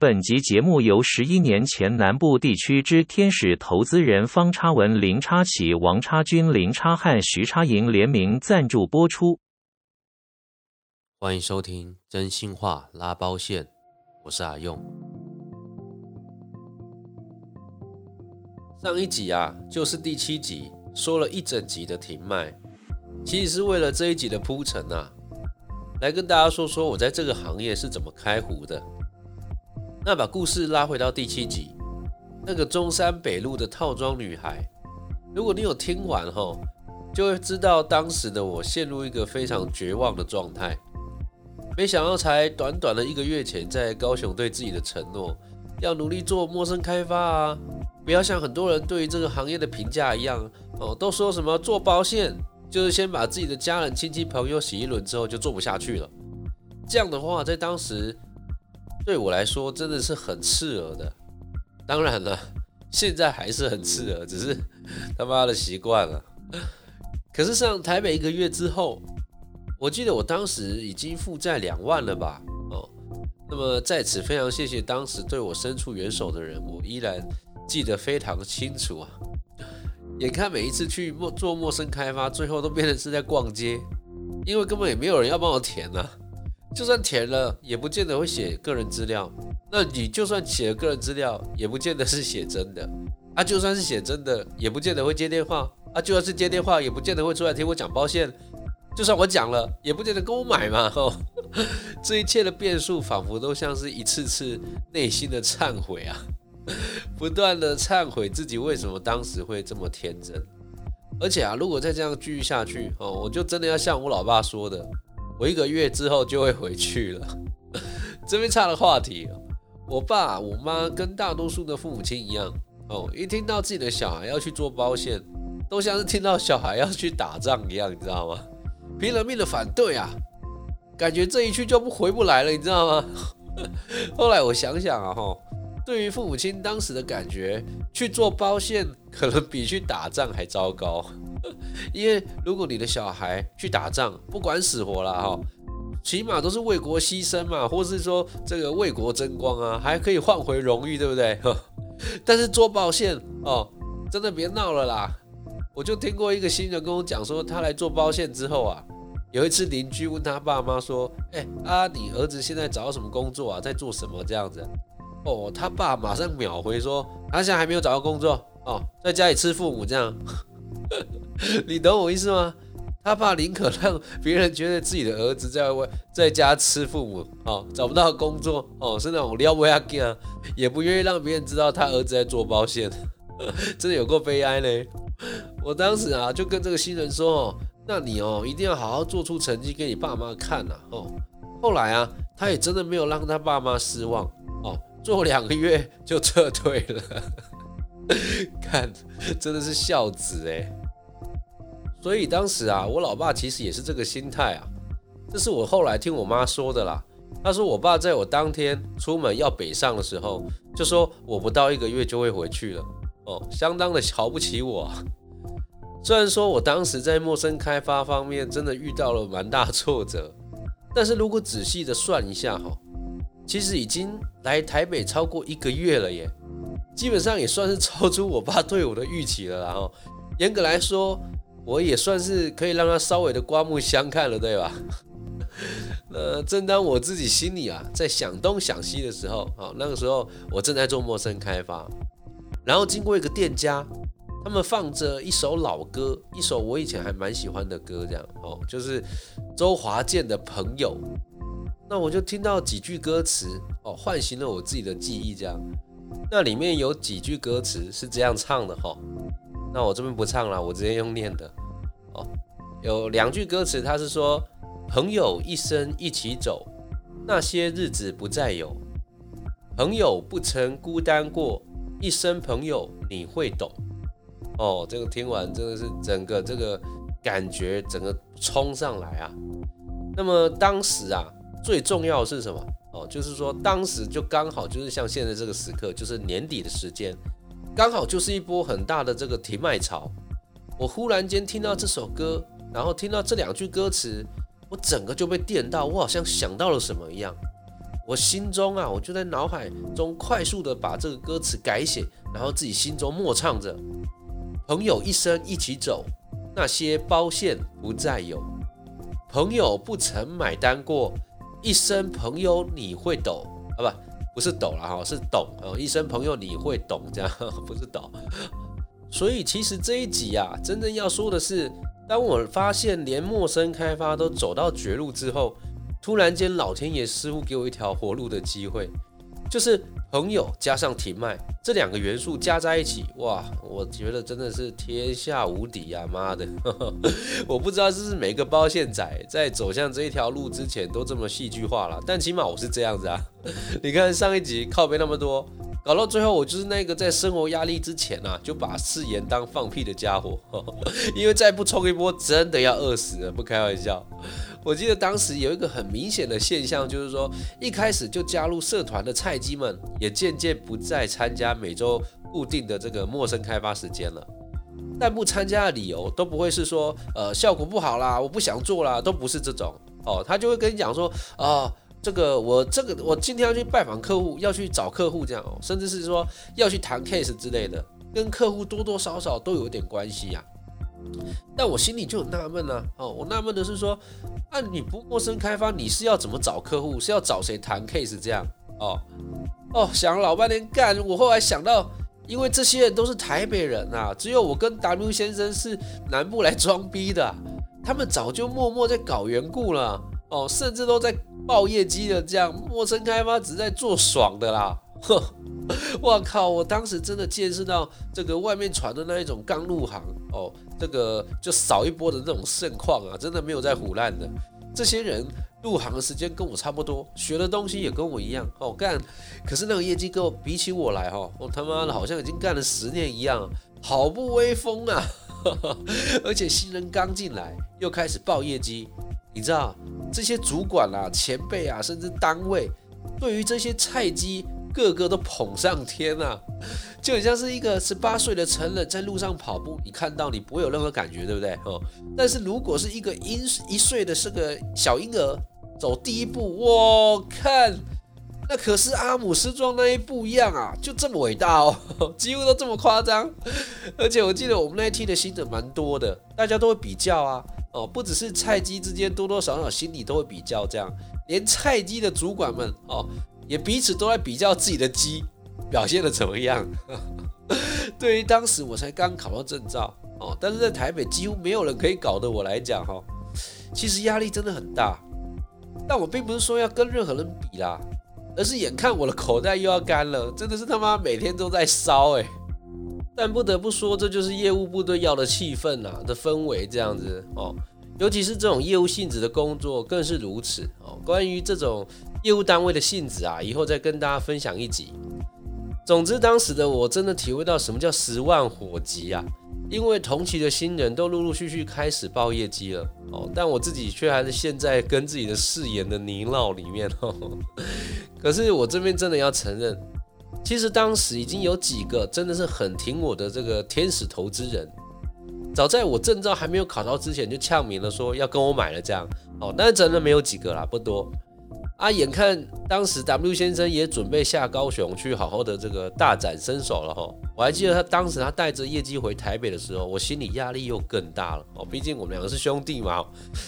本集節目由十一年前南部地區之天使投資人方差文、林差綺、王差君、林差漢、徐差瑩聯名贊助播出。歡迎收聽《真心話拉包線》，我是阿用。上一集啊，就是第七集，說了一整集的停賣，其實是為了這一集的鋪陳啊，來跟大家說說我在這個行業是怎麼開壺的。那把故事拉回到第七集，那個中山北路的套裝女孩，如果你有聽完後，就會知道當時的我陷入一個非常絕望的狀態。沒想到才短短的一個月前，在高雄對自己的承諾，要努力做陌生開發啊，不要像很多人對於這個行業的評價一樣哦，都說什麼做包餡，就是先把自己的家人、親戚、朋友洗一輪之後就做不下去了。這樣的話，在當時。對我來說真的是很刺耳的，當然了，現在還是很刺耳，只是他媽的習慣了。可是上台北一個月之後，我記得我當時已經負債兩萬了吧？哦，那麼在此非常謝謝當時對我伸出援手的人，我依然記得非常清楚啊。眼看每一次去陌做陌生開發，最後都變成是在逛街，因為根本也沒有人要幫我填呢、啊。就算填了，也不見得會寫個人資料。那你就算寫個人資料，也不見得是寫真的啊。就算是寫真的，也不見得會接電話啊。就算是接電話，也不見得會出來聽我講包餡。就算我講了，也不見得跟我買嘛。哦、呵呵這一切的變數，仿佛都像是一次次內心的懺悔啊，不斷的懺悔自己為什麼當時會這麼天真。而且啊，如果再這樣繼續下去哦，我就真的要像我老爸說的。我一個月之後就會回去了。 這邊岔了話題，我爸我媽跟大多數的父母親一樣，哦，一聽到自己的小孩要去做包餡，都像是聽到小孩要去打仗一樣，你知道嗎？拼了命的反對啊，感覺這一去就不回不來了，你知道嗎？ 後來我想想啊，吼。對於父母親當時的感覺，去做包餡可能比去打仗還糟糕，因為如果你的小孩去打仗，不管死活了哈，起碼都是為國犧牲嘛，或是說這個為國爭光啊，還可以換回榮譽，對不對？但是做包餡哦，真的別鬧了啦！我就聽過一個新人跟我講說，他來做包餡之後啊，有一次鄰居問他爸媽說：“哎啊，你兒子現在找什麼工作啊？在做什麼這樣子？”哦，他爸馬上秒回說：“他現在還沒有找到工作哦，在家裡吃父母這樣， 你懂我意思嗎？”他爸寧可讓別人覺得自己的兒子在外在家吃父母哦，找不到工作哦，是那種撩不下去啊，也不願意讓別人知道他兒子在做保險，真的有夠悲哀嘞！我當時啊，就跟這個新人說：“哦，那你哦，一定要好好做出成績給你爸媽看吶、啊！”哦，後來啊，他也真的沒有讓他爸媽失望。做兩個月就撤退了， 看真的是孝子誒。所以當時啊，我老爸其實也是這個心態啊，這是我後來聽我媽說的啦。她說我爸在我當天出門要北上的時候，就說我不到一個月就會回去了，哦，相當的瞧不起我啊。雖然說我當時在陌生開發方面真的遇到了蠻大挫折，但是如果仔細的算一下哈。其實已經來台北超過一個月了耶，基本上也算是超出我爸對我的預期了。然後嚴格來說，我也算是可以讓他稍微的刮目相看了，對吧？那正當我自己心裡啊在想東想西的時候，好，那個時候我正在做陌生開發，然後經過一個店家，他們放着一首老歌，一首我以前還蠻喜歡的歌，這樣哦，就是周華健的朋友。那我就聽到幾句歌詞哦，喚醒了我自己的記憶。這樣，那裡面有幾句歌詞是這樣唱的吼。那我這邊不唱了，我直接用念的。哦，有兩句歌詞，它是說：“朋友一生一起走，那些日子不再有。朋友不曾孤單過，一生朋友你會懂。”哦，這個聽完真的是整個這個感覺整個衝上來啊。那麼當時啊。最重要的是什麼？哦，就是說當時就剛好就是像現在這個時刻，就是年底的時間，剛好就是一波很大的這個停賣潮。我忽然間聽到這首歌，然後聽到這兩句歌詞，我整個就被電到，我好像想到了什麼一樣。我心中啊，我就在腦海中快速地把這個歌詞改寫，然後自己心中默唱着：“朋友一生一起走，那些包餡不再有，朋友不曾買單過。”一生朋友你會懂啊，不，不是抖了哈，是懂啊。一生朋友你會懂，這樣不是懂。所以其實這一集啊，真正要說的是，當我發現連陌生開發都走到絕路之後，突然間老天爺似乎給我一條活路的機會，就是朋友加上停賣。這兩個元素加在一起，哇！我覺得真的是天下無敵啊！媽的， 我不知道是不是每個包餡仔在走向這一條路之前都這麼戲劇化了，但起碼我是這樣子啊。 你看上一集靠北那麼多，搞到最後我就是那個在生活壓力之前啊，就把誓言當放屁的家伙， 因為再不衝一波真的要餓死了，不開玩笑。我記得當時有一個很明顯的現象，就是說，一開始就加入社團的菜雞們，也漸漸不再參加每周固定的這個陌生開發時間了。但不參加的理由都不會是說，呃，效果不好啦，我不想做啦，都不是這種。哦，他就會跟你講說，啊，這個我這個我今天要去拜訪客戶，要去找客戶這樣哦，甚至是說要去談 case 之類的，跟客戶多多少少都有點關係呀。但我心裡就很納悶啊！哦，我納悶的是說，啊，你不陌生開發，你是要怎麼找客戶？是要找誰談 case 這樣？哦哦，想了老半天幹。我後來想到，因為這些人都是台北人啊，只有我跟 W 先生是南部來裝逼的，他們早就默默在搞緣故了。哦，甚至都在報業績的這樣，陌生開發只在做爽的啦。呵，我靠！我當時真的見識到這個外面傳的那一種剛入行哦。這個就掃一波的那種盛況啊，真的沒有在唬爛的。這些人入行的時間跟我差不多，學的東西也跟我一樣哦幹，可是那個業績跟我比起我來哈、哦，我、哦、他媽的好像已經幹了十年一樣，好不威風啊！ 而且新人剛進來又開始報業績，你知道這些主管啊、前輩啊，甚至單位，對於這些菜雞。個個都捧上天吶、啊，就很像是一個十八歲的成人在路上跑步，你看到你不會有任何感覺，對不對？哦，但是如果是一個一一歲的這個小嬰兒走第一步，我看那可是阿姆斯壯那一步一樣啊，就這麼偉大哦，幾乎都這麼誇張。而且我記得我們那一期的新人蠻多的，大家都會比較啊，哦，不只是菜雞之間，多多少少心裡都會比較這樣，連菜雞的主管們哦，也彼此都在比較自己的雞表現得怎麼樣。 對於當時我才剛考到證照哦，但是在台北幾乎沒有人可以搞得我來講哈，其實壓力真的很大。但我並不是說要跟任何人比啦，而是眼看我的口袋又要乾了，真的是他媽每天都在燒誒、欸。但不得不說，這就是業務部隊要的氣氛吶、啊，的氛圍這樣子哦，尤其是這種業務性質的工作更是如此哦。關於這種。業務單位的性質啊，以後再跟大家分享一集。總之，當時的我真的體會到什麼叫十萬火急啊！因為同期的新人都陸陸續續開始報業績了哦，但我自己卻還是陷在跟自己的誓言的泥淖裡面哦。可是我這邊真的要承認，其實當時已經有幾個真的是很挺我的這個天使投資人，早在我證照還沒有考到之前就嗆明了，說要跟我買了這樣哦，但是真的沒有幾個啦，不多。啊，眼看當時 W 先生也準備下高雄去好好的這個大展身手了吼，我還記得他當時他帶着業績回台北的時候，我心裡壓力又更大了哦，畢竟我們兩個是兄弟嘛，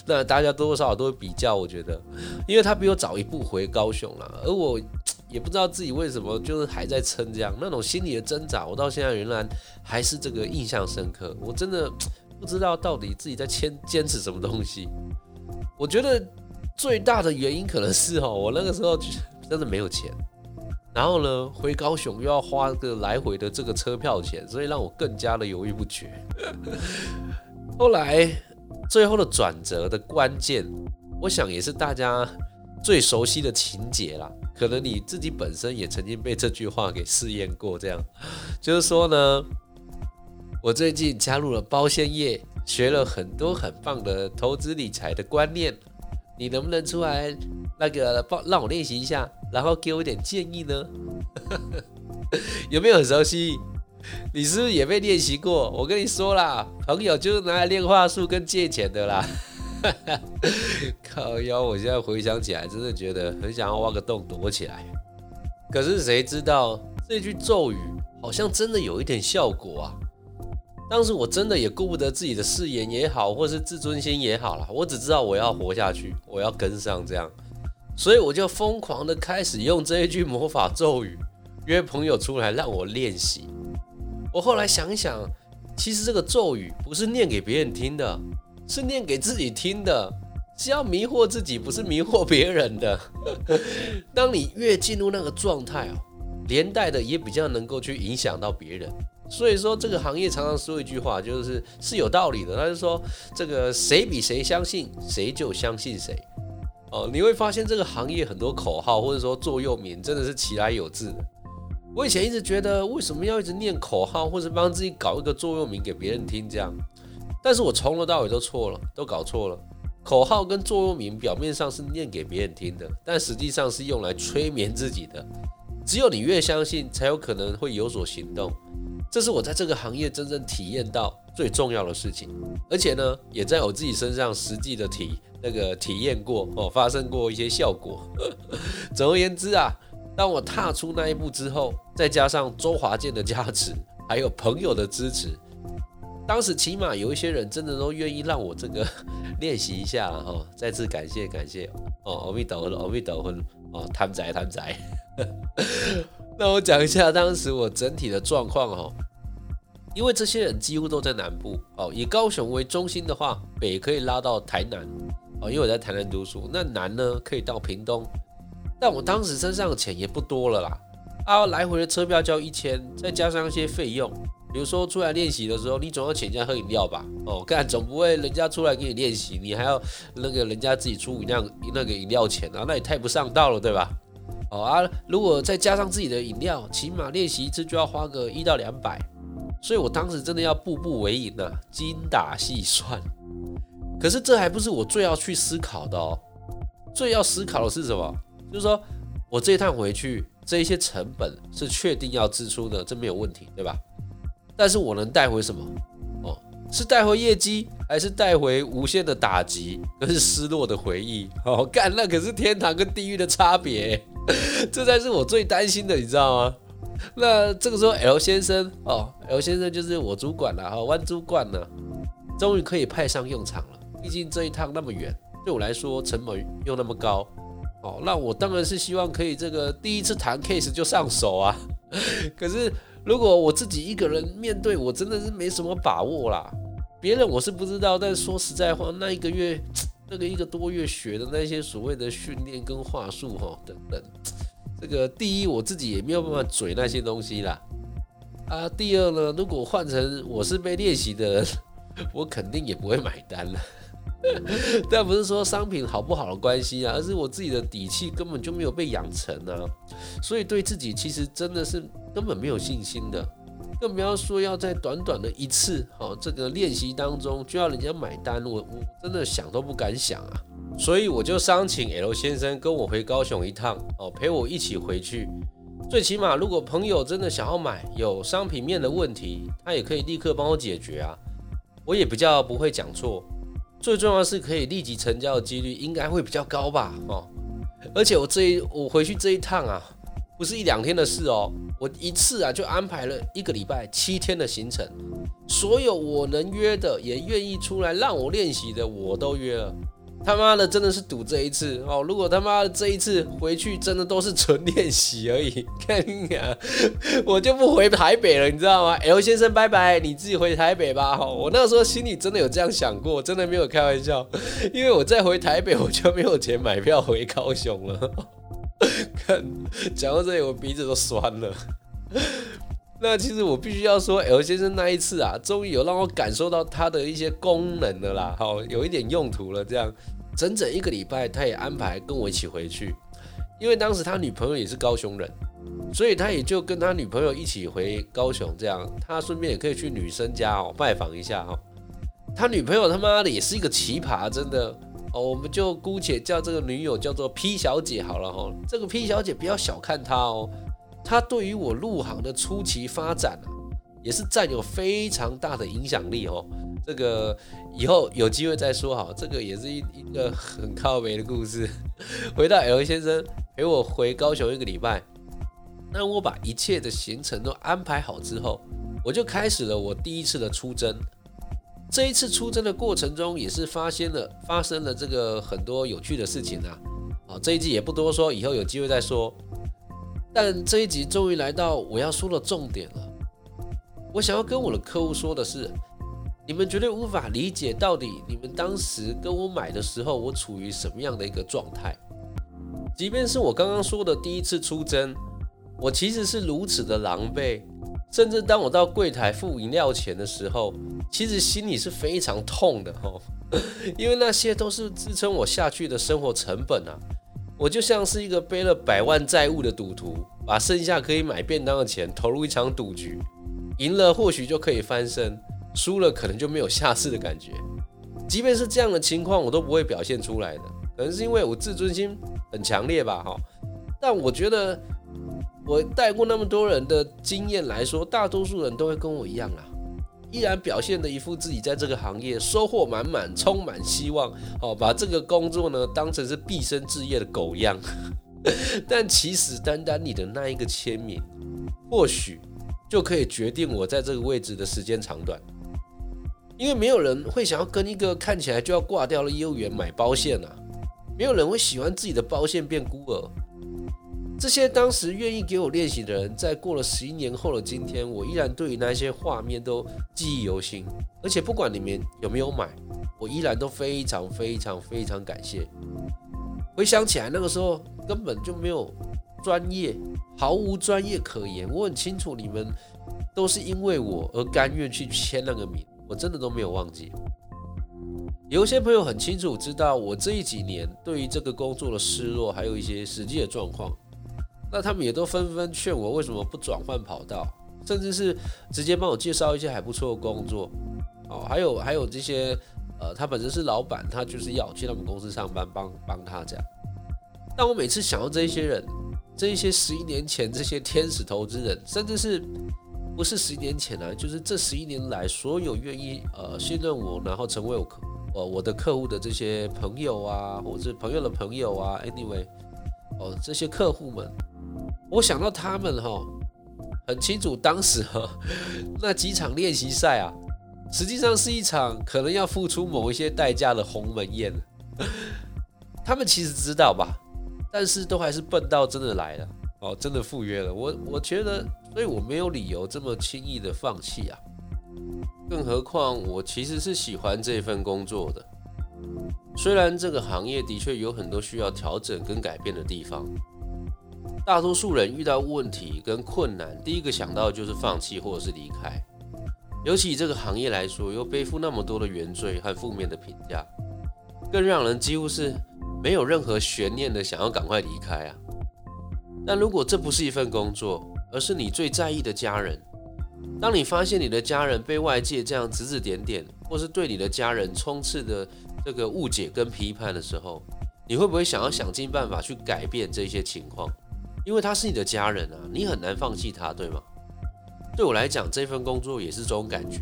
那大家多多少少都會比較，我覺得，因為他比我早一步回高雄了，而我也不知道自己為什麼就是還在撐這樣，那種心理的掙扎，我到現在仍然還是這個印象深刻，我真的不知道到底自己在堅堅持什麼東西，我覺得。最大的原因可能是哦，我那個時候真的沒有錢，然後呢，回高雄又要花個來回的這個車票錢，所以讓我更加的猶豫不決。後來最後的轉折的關鍵，我想也是大家最熟悉的情節啦。可能你自己本身也曾經被這句話給試驗過，這樣就是說呢，我最近加入了包餡業，學了很多很棒的投資理財的觀念。你能不能出來那個幫讓我練習一下，然後給我一點建議呢？ 有沒有很熟悉？你是不是也被練習過？我跟你說啦，朋友就是拿來練話術跟借錢的啦。 靠腰，我現在回想起來，真的覺得很想要挖個洞躲起來。可是誰知道這句咒語好像真的有一點效果啊！當時我真的也顧不得自己的誓言也好，或是自尊心也好了，我只知道我要活下去，我要跟上這樣，所以我就瘋狂的開始用這一句魔法咒語，約朋友出來讓我練習。我後來想想，其實這個咒語不是念給別人聽的，是念給自己聽的，只要迷惑自己，不是迷惑別人的。 當你越進入那個狀態，連帶的也比較能夠去影響到別人。所以說，這個行業常常說一句話，就是是有道理的。他就說，這個誰比誰相信誰就相信誰。哦，你會發現這個行業很多口號或者說座右銘真的是其來有自的。我以前一直覺得，為什麼要一直念口號，或者幫自己搞一個座右銘給別人聽？這樣，但是我從頭到尾都錯了，都搞錯了。口號跟座右銘表面上是念給別人聽的，但實際上是用來催眠自己的。只有你越相信，才有可能會有所行動。這是我在這個行業真正體驗到最重要的事情，而且呢，也在我自己身上實際的體那個體驗過哦，發生過一些效果。 總而言之啊，當我踏出那一步之後，再加上周華健的加持，還有朋友的支持，當時起碼有一些人真的都願意讓我這個練習一下了哦。再次感謝感謝哦，阿彌陀佛，阿彌陀佛。哦哦哦哦，貪仔貪仔。 那我講一下當時我整體的狀況哦。因為這些人幾乎都在南部，哦，以高雄為中心的話，北可以拉到台南，哦，因為我在台南讀書，那南呢可以到屏東，但我當時身上的錢也不多了啦，啊，來回的車票交，一千，再加上一些費用。比如說出來練習的時候，你總要請人家喝飲料吧？哦，幹總不會人家出來給你練習，你還要那個人家自己出一輛那個飲料錢啊？那也太不上道了，對吧？哦啊，如果再加上自己的飲料，起碼練習一次就要花個一到兩百，所以我當時真的要步步為營啊，精打細算。可是這還不是我最要去思考的哦，最要思考的是什麼？就是說我這一趟回去，這一些成本是確定要支出的，這沒有問題，對吧？但是我能帶回什麼？哦，是帶回業績，還是帶回無限的打擊，跟失落的回憶？好、哦，幹那可是天堂跟地獄的差別， 這才是我最擔心的，你知道嗎？那這個時候，L 先生哦，L 先生就是我主管了、啊、哈、哦，彎主管呢，終於可以派上用場了。畢竟這一趟那麼遠，對我來說成本又那麼高，哦，那我當然是希望可以這個第一次談 case 就上手啊。可是。如果我自己一個人面對，我真的是沒什麼把握啦。別人我是不知道，但是說實在話，那一個月，那個一個多月學的那些所謂的訓練跟話術吼等等，這個第一我自己也沒有辦法嘴那些東西啦。啊，第二呢，如果換成我是被練習的人，我肯定也不會買單了。 但不是說商品好不好的關係啊，而是我自己的底氣根本就沒有被養成啊，所以對自己其實真的是根本沒有信心的，更不要說要在短短的一次哦這個練習當中就要人家買單，我我真的想都不敢想啊。所以我就商請 L 先生跟我回高雄一趟哦，陪我一起回去，最起碼如果朋友真的想要買有商品面的問題，他也可以立刻幫我解決啊，我也比較不會講錯。最重要的是可以立即成交的幾率應該會比較高吧？哦，而且我這一我回去這一趟啊，不是一兩天的事哦，我一次啊就安排了一個禮拜七天的行程，所有我能約的也願意出來讓我練習的，我都約了。他媽的，真的是賭這一次哦！如果他媽的這一次回去真的都是純練習而已，看呀、啊，我就不回台北了，你知道嗎？L 先生，拜拜，你自己回台北吧。哈、哦，我那時候心裡真的有這樣想過，我真的沒有開玩笑，因為我再回台北我就沒有錢買票回高雄了。看，講到這裡，我鼻子都酸了。那其實我必須要說，L 先生那一次啊，終於有讓我感受到他的一些功能了啦，好，有一點用途了。這樣，整整一個禮拜，他也安排跟我一起回去，因為當時他女朋友也是高雄人，所以他也就跟他女朋友一起回高雄，這樣他順便也可以去女生家哦拜訪一下哦，他女朋友他媽的也是一個奇葩，真的哦，我們就姑且叫這個女友叫做 P 小姐好了哈、哦。這個 P 小姐不要小看她哦。他對於我入行的初期發展也是占有非常大的影響力哦。這個以後有機會再說哈，這個也是一一個很靠北的故事。回到 L 先生陪我回高雄一個禮拜，當我把一切的行程都安排好之後，我就開始了我第一次的出征。這一次出征的過程中，也是發現了發生了這個很多有趣的事情啊。這一季也不多說，以後有機會再說。但這一集終於來到我要說的重點了。我想要跟我的客戶說的是，你們絕對無法理解到底你們當時跟我買的時候，我處於什麼樣的一個狀態。即便是我剛剛說的第一次出征，我其實是如此的狼狽。甚至當我到櫃檯付飲料錢的時候，其實心裡是非常痛的吼、哦，因為那些都是支撐我下去的生活成本啊。我就像是一個背了百萬債務的賭徒，把剩下可以買便當的錢投入一場賭局，贏了或許就可以翻身，輸了可能就沒有下次的感覺。即便是這樣的情況，我都不會表現出來的，可能是因為我自尊心很強烈吧，哈。但我覺得，我帶過那麼多人的經驗來說，大多數人都會跟我一樣啊。依然表現的一副自己在這個行業收穫滿滿、充滿希望，哦，把這個工作呢當成是畢生志業的狗樣。 但其實單單你的那一個簽名，或許就可以決定我在這個位置的時間長短。因為沒有人會想要跟一個看起來就要掛掉了業務員買包餡啊，沒有人會喜歡自己的包餡變孤兒。這些當時願意給我練習的人，在過了十一年後的今天，我依然對於那些畫面都記憶猶新。而且不管你們有沒有買，我依然都非常非常非常感謝。回想起來，那個時候根本就沒有專業，毫無專業可言。我很清楚，你們都是因為我而甘願去簽那個名，我真的都沒有忘記。有一些朋友很清楚知道，我這幾年對於這個工作的失落，還有一些實際的狀況。那他們也都紛紛勸我為什麼不轉換跑道，甚至是直接幫我介紹一些還不錯的工作，哦，還有還有這些，呃，他本身是老闆，他就是要去他們公司上班，幫幫他這樣。但我每次想到這些人，這些十一年前這些天使投資人，甚至是不是十一年前啊，就是這十一年來所有願意呃信任我，然後成為我呃我的客戶的這些朋友啊，或者是朋友的朋友啊，anyway，哦，這些客戶們。我想到他們哈，很清楚當時哈那幾場練習賽啊，實際上是一場可能要付出某一些代價的鴻門宴。他們其實知道吧，但是都還是笨到真的來了哦，真的赴約了。我我覺得，所以我沒有理由這麼輕易的放棄啊。更何況，我其實是喜歡這份工作的，雖然這個行業的確有很多需要調整跟改變的地方。大多數人遇到問題跟困難，第一個想到的就是放棄或者是離開。尤其以這個行業來說，又背負那麼多的原罪和負面的評價，更讓人幾乎是沒有任何懸念的想要趕快離開啊。但如果這不是一份工作，而是你最在意的家人，當你發現你的家人被外界這樣指指點點，或是對你的家人充斥的這個誤解跟批判的時候，你會不會想要想盡辦法去改變這些情況？因為他是你的家人啊，你很難放棄他，對嗎？對我來講，這份工作也是這種感覺。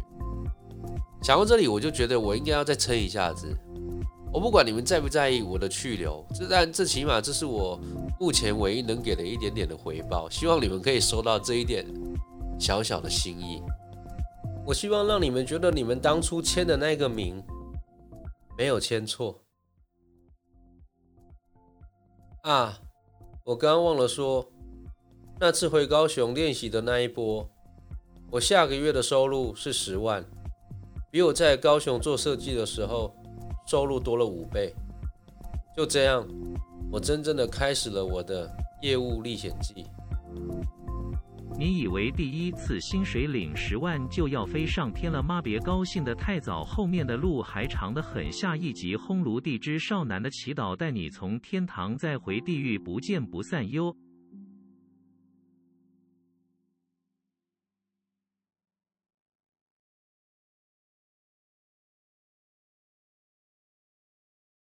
想到這裡，我就覺得我應該要再撐一下子。我不管你們在不在意我的去留，這但這起碼這是我目前唯一能給的一點點的回報。希望你們可以收到這一點小小的心意。我希望讓你們覺得你們當初簽的那個名沒有簽錯啊。我剛忘了說，那次回高雄練習的那一波，我下個月的收入是十萬，比我在高雄做設計的時候收入多了五倍。就這樣，我真正的開始了我的業務歷險記。你以為第一次薪水領十萬就要飛上天了嗎？別高興得太早，後面的路還長得很。下一集《烘爐地之少男的祈禱》，帶你從天堂再回地獄，不見不散喲。